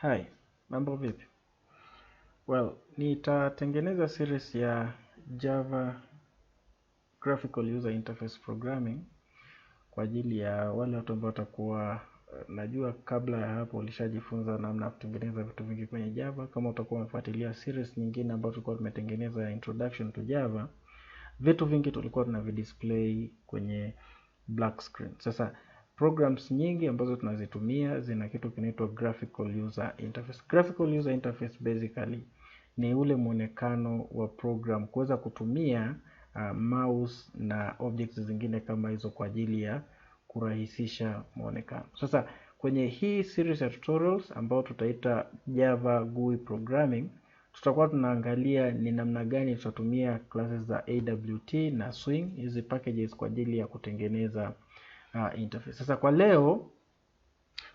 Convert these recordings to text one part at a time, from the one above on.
Hi, mambo vipi? Well, nitatengeneza series ya Java Graphical User Interface Programming kwa ajili ya wale watu ambao watakuwa, eh, najua kabla ya hapo ulishajifunza namna ya kutengeneza vitu vingi kwenye Java. Kama utakuwa umefuatilia series nyingine ambayo tulikuwa tumetengeneza ya Introduction to Java, vitu vingi tulikuwa tuna vidisplay kwenye black screen. Sasa Programs nyingi ambazo tunazitumia zina kitu kinaitwa graphical user interface. Graphical user interface basically ni ule mwonekano wa program kuweza kutumia uh, mouse na objects zingine kama hizo kwa ajili ya kurahisisha mwonekano. Sasa kwenye hii series ya tutorials ambayo tutaita Java GUI programming, tutakuwa tunaangalia ni namna gani tutatumia classes za AWT na Swing, hizi packages kwa ajili ya kutengeneza uh, interface. Sasa kwa leo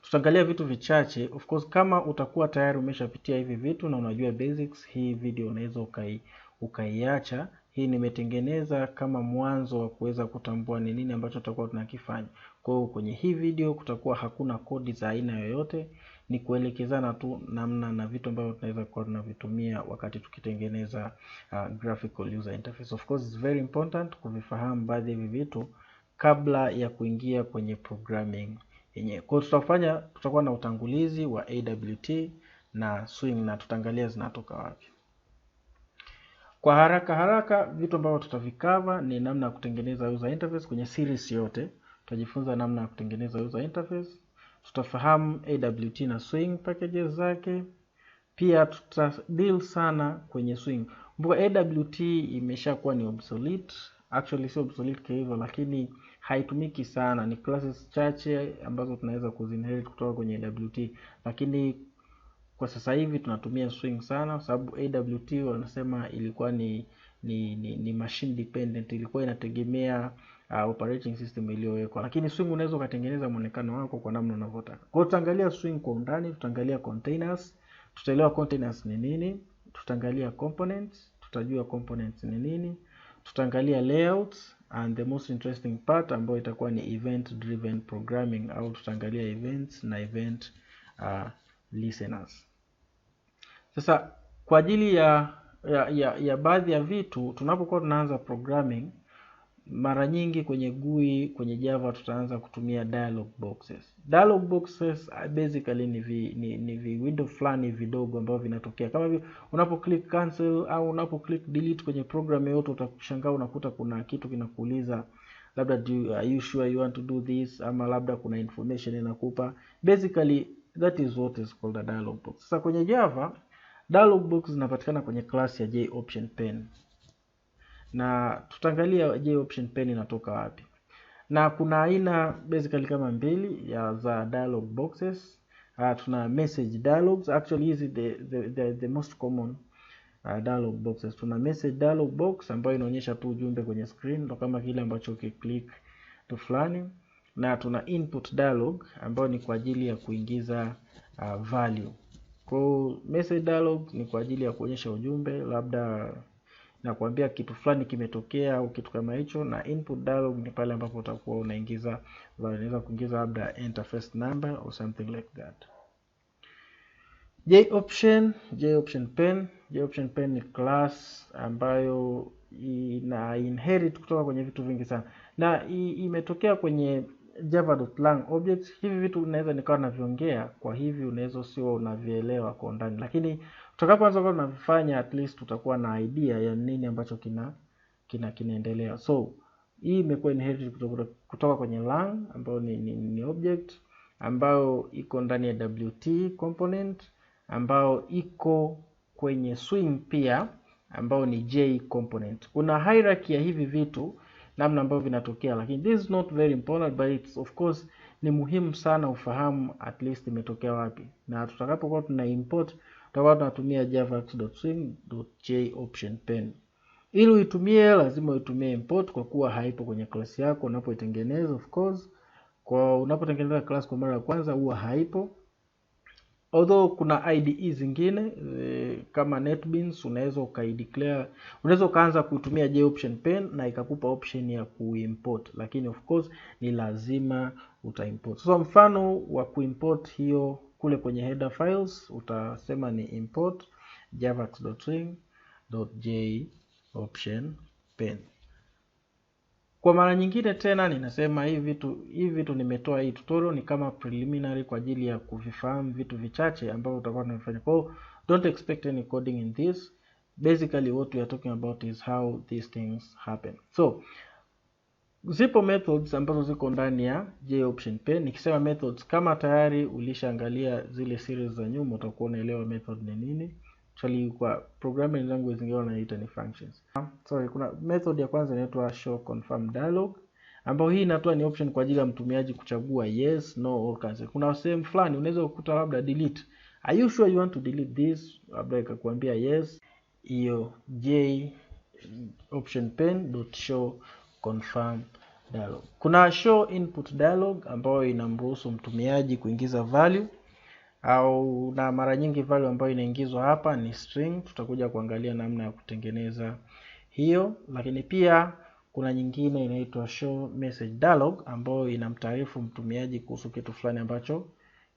tutaangalia vitu vichache. Of course, kama utakuwa tayari umeshapitia hivi vitu na unajua basics, hii video unaweza ukai, ukaiacha. Hii nimetengeneza kama mwanzo wa kuweza kutambua ni nini ambacho tutakuwa tunakifanya. Kwa hiyo kwenye hii video kutakuwa hakuna kodi za aina yoyote, ni kuelekezana tu namna na vitu ambavyo tunaweza kuwa tunavitumia wakati tukitengeneza uh, graphical user interface. Of course, it's very important kuvifahamu baadhi ya hivi vitu kabla ya kuingia kwenye programming yenyewe. Kwa tutafanya tutakuwa na utangulizi wa AWT na Swing na tutaangalia zinatoka wapi. Kwa haraka haraka, vitu ambavyo tutavikava ni namna ya kutengeneza user interface kwenye series yote. Tutajifunza namna ya kutengeneza user interface, tutafahamu AWT na Swing packages zake. Pia tuta deal sana kwenye Swing. Kumbuka AWT imeshakuwa ni obsolete, actually sio obsolete kwa hivyo, lakini haitumiki sana, ni classes chache ambazo tunaweza kuzinherit kutoka kwenye AWT, lakini kwa sasa hivi tunatumia swing sana, kwa sababu AWT wanasema ilikuwa ni ni, ni, ni machine dependent, ilikuwa inategemea uh, operating system iliyowekwa, lakini swing unaweza ukatengeneza muonekano wako kwa namna unavyotaka. Kwa hiyo tutaangalia swing kwa undani, tutaangalia containers, tutaelewa containers ni nini, tutaangalia components, tutajua components ni nini tutaangalia layout and the most interesting part ambayo itakuwa ni event driven programming au tutaangalia events na event uh, listeners. Sasa kwa ajili ya, ya, ya, ya baadhi ya vitu tunapokuwa tunaanza programming mara nyingi kwenye GUI kwenye Java tutaanza kutumia dialog boxes. Dialog boxes ah, basically ni vi, ni, ni vi window fulani vidogo ambavyo vinatokea kama hivyo. Unapo click cancel au unapo click delete kwenye program yoyote, utakushangaa unakuta kuna kitu kinakuuliza labda do, are you sure you want to do this, ama labda kuna information inakupa. Basically that is what is called a dialog box. Sasa kwenye Java dialog box zinapatikana kwenye class ya J option pane na tutaangalia je option pen inatoka wapi na kuna aina basically kama mbili ya za dialog boxes uh, tuna message dialogs actually hizi the, the, the, the most common uh, dialog boxes tuna message dialog box ambayo inaonyesha tu ujumbe kwenye screen ndo kama kile ambacho ukiclick tu fulani na tuna input dialog ambayo ni kwa ajili ya kuingiza uh, value kwa message dialog ni kwa ajili ya kuonyesha ujumbe labda na kuambia kitu fulani kimetokea au kitu kama hicho, na input dialog ni pale ambapo utakuwa unaingiza unaweza kuingiza labda interface number or something like that. J option, J option pen, J option pen ni class ambayo ina inherit kutoka kwenye vitu vingi sana na imetokea kwenye java.lang objects. Hivi vitu unaweza nikawa naviongea, kwa hivi unaweza usiwa unavielewa kwa undani, lakini tutakapoanza kwa tunafanya, at least tutakuwa na idea ya nini ambacho kina kina kinaendelea. So hii imekuwa inherited kutoka, kutoka kwenye lang ambayo ni, ni, ni object ambayo iko ndani ya wt component ambayo iko kwenye swing pia ambayo ni j component. Kuna hierarchy ya hivi vitu namna ambavyo vinatokea, lakini this is not very important but it's of course ni muhimu sana ufahamu at least imetokea wapi, na tutakapokuwa tuna import utakuwa tunatumia javax.swing.j option Ili uitumie lazima uitumie import kwa kuwa haipo kwenye class yako unapoitengeneza of course. Kwa unapotengeneza class kwa mara ya kwanza huwa haipo. Although kuna IDE zingine e, kama NetBeans unaweza ukaideclare, unaweza ukaanza kuitumia J option na ikakupa option ya kuimport, lakini of course ni lazima utaimport. so, mfano wa kuimport hiyo kule kwenye header files utasema ni import option pen. Kwa mara nyingine tena ninasema hivi vitu hivi vitu nimetoa hii tutorial ni kama preliminary kwa ajili ya kuvifahamu vitu vichache ambavyo utakuwa unafanya. Kwa don't expect any coding in this. Basically what we are talking about is how these things happen. So zipo methods ambazo ziko ndani ya J option pair. Nikisema methods, kama tayari ulishaangalia zile series za nyuma, utakuwa unaelewa method ni nini. Actually kwa programming language zingine wanaita ni functions. Sorry, kuna method ya kwanza inaitwa show confirm dialog ambayo hii inatoa ni option kwa ajili ya mtumiaji kuchagua yes, no or cancel. Kuna sehemu fulani unaweza kukuta labda delete. Are you sure you want to delete this? Labda ikakuambia yes. Hiyo J option pen dot show confirm dialog. Kuna show input dialog ambayo inamruhusu mtumiaji kuingiza value au na mara nyingi value ambayo inaingizwa hapa ni string. Tutakuja kuangalia namna ya kutengeneza hiyo, lakini pia kuna nyingine inaitwa show message dialog ambayo inamtaarifu mtumiaji kuhusu kitu fulani ambacho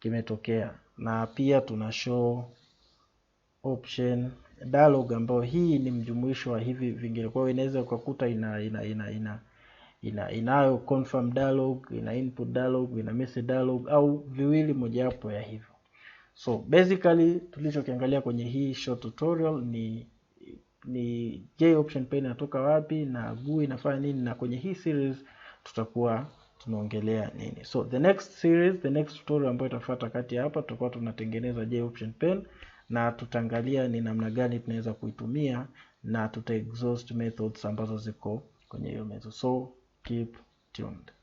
kimetokea, na pia tuna show option dialog ambayo hii ni mjumuisho wa hivi vingine. Kwa hiyo inaweza ukakuta ina ina ina ina ina inayo confirm dialog, ina input dialog, ina message dialog au viwili mojawapo ya hivyo. So basically tulichokiangalia kwenye hii short tutorial ni ni J option pane inatoka wapi na GUI inafanya nini, na kwenye hii series tutakuwa tunaongelea nini. So the next series, the next tutorial ambayo itafuata kati ya hapa tutakuwa tunatengeneza J option pane na tutaangalia ni namna gani tunaweza kuitumia na tuta exhaust methods ambazo ziko kwenye hiyo method. So keep tuned.